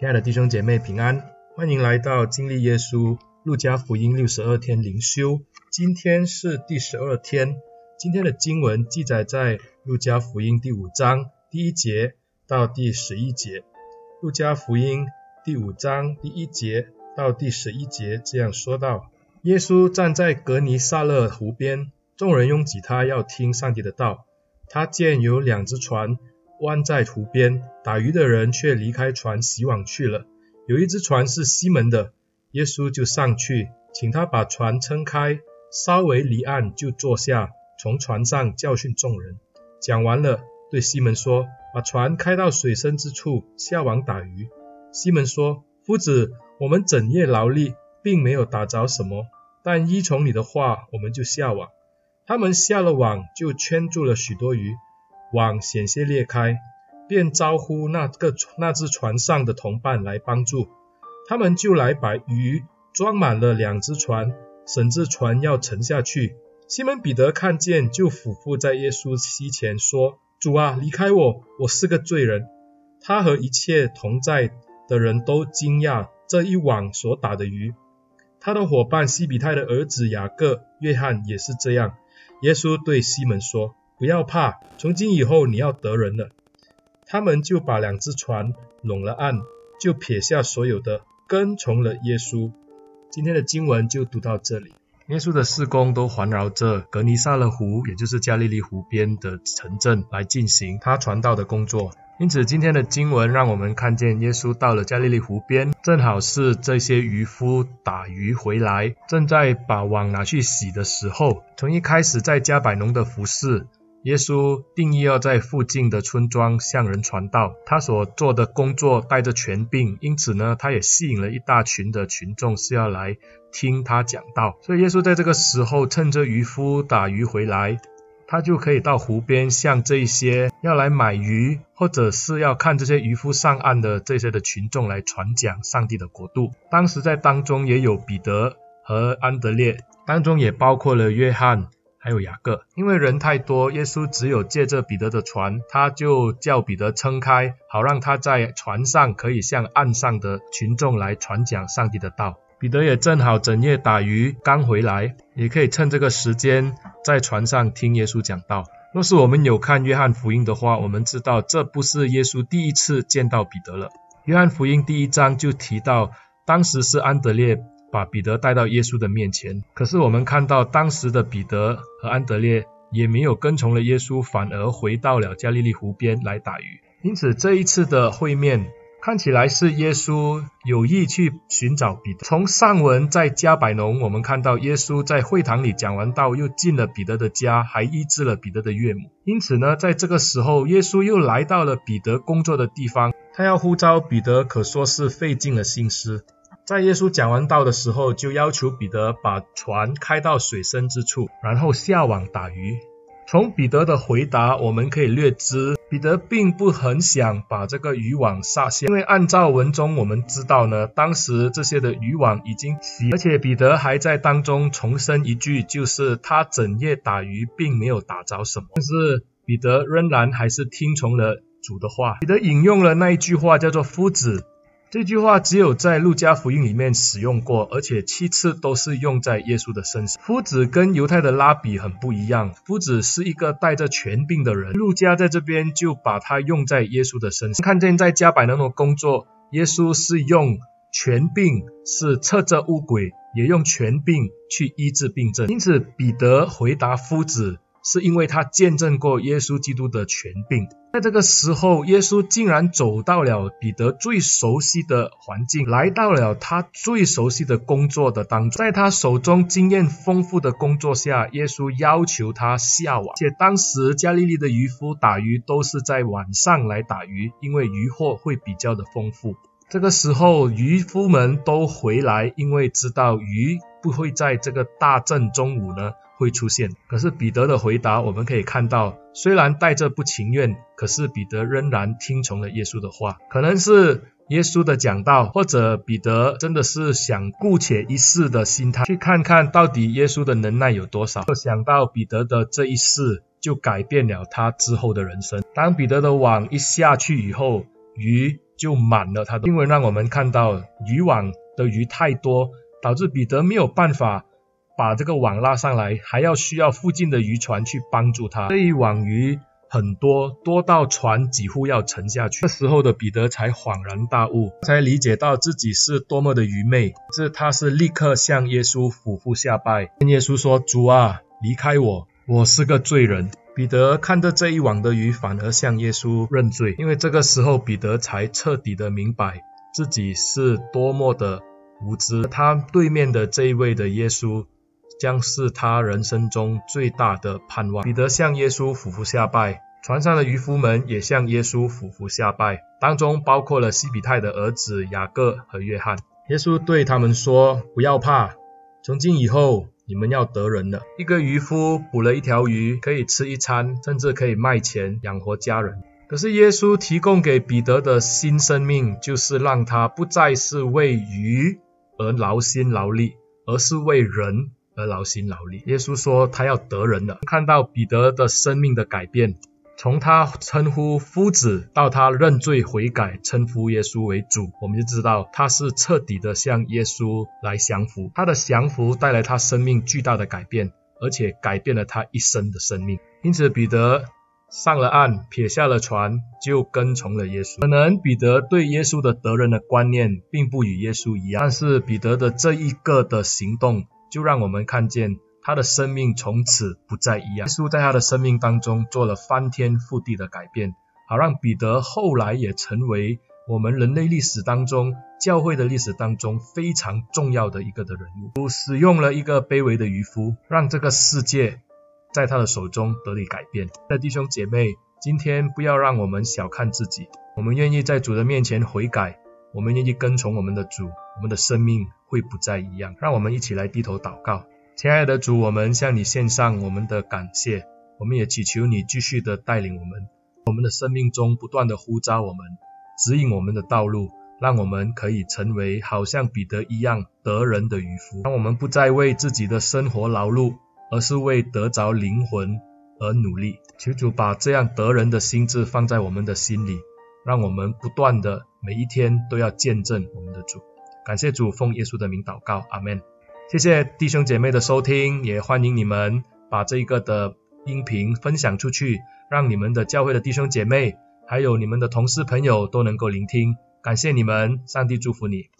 親愛的弟兄姐妹平安，歡迎來到經歷耶穌路加福音六十二天靈修，今天是第十二天，今天的經文記載在路加福音第五章第一節到第十一節，路加福音第五章第一節到第十一節這樣說道，耶穌站在革尼撒勒湖邊，眾人擁擠他，要聽上帝的道，他見有兩隻船，彎在湖邊，打魚的人卻離開船洗網去了。有一只船是西門的，耶穌就上去，請他把船撐開，稍微離岸，就坐下，從船上教訓眾人。講完了，對西門說：“把船開到水深之處，下網打魚。”西門說：“夫子，我們整夜勞力，並沒有打着什麼。但依從你的話，我們就下網。”他們下了網，就圈住了許多魚。網險些裂開，便招呼那個那只船上的同伴來幫助。他們就來把魚裝滿了兩隻船，甚至船要沉下去。西門彼得看見，就俯伏在耶穌膝前說：“主啊，離開我，我是個罪人。”他和一切同在的人都驚訝這一網所打的魚。他的夥伴西庇太的兒子雅各、約翰也是這樣。耶穌對西門說。不要怕！從今以後，你要得人了。他們就把兩隻船攏了岸，就撇下所有的，跟從了耶穌。今天的經文就讀到這裡。耶穌的事工都環繞着革尼撒勒湖，也就是加利利湖邊的城鎮來進行他傳道的工作。因此，今天的經文讓我們看見耶穌到了加利利湖邊，正好是這些漁夫打魚回來，正在把網拿去洗的時候。從一開始在迦百農的服事。耶穌定意要在附近的村莊向人傳道，他所做的工作帶着權柄，因此呢，他也吸引了一大群的群眾是要來聽他講道。所以耶穌在這個時候趁着漁夫打魚回來，他就可以到湖邊向這些要來買魚或者是要看這些漁夫上岸的這些的群眾來傳講上帝的國度。當時在當中也有彼得和安得烈，當中也包括了約翰。還有雅各，因為人太多，耶穌只有借着彼得的船，他就叫彼得撐開，好讓他在船上可以向岸上的群眾來傳講上帝的道。彼得也正好整夜打魚剛回來，也可以趁這個時間在船上聽耶穌講道。若是我們有看約翰福音的話，我們知道這不是耶穌第一次見到彼得了。約翰福音第一章就提到，當時是安德烈。把彼得帶到耶穌的面前。可是我們看到當時的彼得和安得烈也沒有跟從了耶穌，反而回到了加利利湖邊來打魚。因此這一次的會面看起來是耶穌有意去尋找彼得。從上文在迦百農，我們看到耶穌在會堂裡講完道，又進了彼得的家，還醫治了彼得的岳母。因此呢，在這個時候，耶穌又來到了彼得工作的地方，他要呼召彼得，可說是費盡了心思。在耶穌講完道的時候，就要求彼得把船開到水深之處，然後下網打魚。從彼得的回答，我們可以略知，彼得並不很想把這個漁網撒下，因為按照文中我們知道呢，當時這些的漁網已經洗，而且彼得還在當中重申一句，就是他整夜打魚並沒有打着什麼，但是彼得仍然還是聽從了主的話。彼得引用了那一句話，叫做夫子。這句話只有在路加福音裡面使用過，而且七次都是用在耶穌的身上。夫子跟猶太的拉比很不一樣，夫子是一個帶着權柄的人。路加在這邊就把他用在耶穌的身上，看見在迦百農的工作，耶穌是用權柄是斥責污鬼，也用權柄去醫治病症。因此彼得回答夫子。是因為他見證過耶穌基督的權柄，在這個時候，耶穌竟然走到了彼得最熟悉的環境，來到了他最熟悉的工作的當中，在他手中經驗豐富的工作下，耶穌要求他下網。而且當時加利利的漁夫打魚都是在晚上來打魚，因為漁獲會比較的豐富。這個時候，漁夫們都回來，因為知道魚不會在這個大正中午呢。會出現。可是彼得的回答，我們可以看到，雖然帶着不情願，可是彼得仍然聽從了耶穌的話。可能是耶穌的講道，或者彼得真的是想姑且一試的心態，去看看到底耶穌的能耐有多少。想到彼得的這一試，就改變了他之後的人生。當彼得的網一下去以後，魚就滿了。他的因為讓我們看到漁網的魚太多，導致彼得沒有辦法。把這個網拉上來，還要需要附近的漁船去幫助他。這一網魚很多，多到船幾乎要沉下去。這時候的彼得才恍然大悟，才理解到自己是多麼的愚昧。這，他是立刻向耶穌俯伏下拜，跟耶穌說：“主啊，離開我，我是個罪人。”彼得看着這一網的魚，反而向耶穌認罪，因為這個時候彼得才徹底的明白自己是多麼的無知。他對面的這一位的耶穌。將是他人生中最大的盼望。彼得向耶穌俯伏下拜，船上的漁夫們也向耶穌俯伏下拜，當中包括了西庇太的兒子雅各和約翰。耶穌對他們說：“不要怕，從今以後你們要得人了。”一個漁夫捕了一條魚，可以吃一餐，甚至可以賣錢養活家人。可是耶穌提供給彼得的新生命，就是讓他不再是為魚而勞心勞力，而是為人。而勞心勞力，耶穌說他要得人了。看到彼得的生命的改變，從他稱呼夫子到他認罪悔改，稱呼耶穌為主，我們就知道他是徹底的向耶穌來降服。他的降服帶來他生命巨大的改變，而且改變了他一生的生命。因此，彼得上了岸，撇下了船，就跟從了耶穌。可能彼得對耶穌的得人的觀念並不與耶穌一樣，但是彼得的這一個的行動。就讓我們看見他的生命從此不再一樣。耶穌在他的生命當中做了翻天覆地的改變，好讓彼得後來也成為我們人類歷史當中、教會的歷史當中非常重要的一個的人物。主使用了一個卑微的漁夫，讓這個世界在他的手中得以改變。那弟兄姐妹，今天不要讓我們小看自己，我們願意在主的面前悔改，我們願意跟從我們的主，我們的生命會不再一樣。讓我們一起來低頭禱告。親愛的主，我們向你獻上我們的感謝，我們也祈求你繼續的帶領我們，我們的生命中不斷的呼召我們，指引我們的道路，讓我們可以成為好像彼得一樣得人的漁夫。當我們不再為自己的生活勞碌，而是為得着靈魂而努力。求主把這樣得人的心志放在我們的心裡，讓我們不斷的。每一天都要見證我們的主，感謝主，奉耶穌的名禱告，阿門。謝謝弟兄姐妹的收聽，也歡迎你們把這一個的音頻分享出去，讓你們的教會的弟兄姐妹，還有你們的同事朋友都能夠聆聽。感謝你們，上帝祝福你。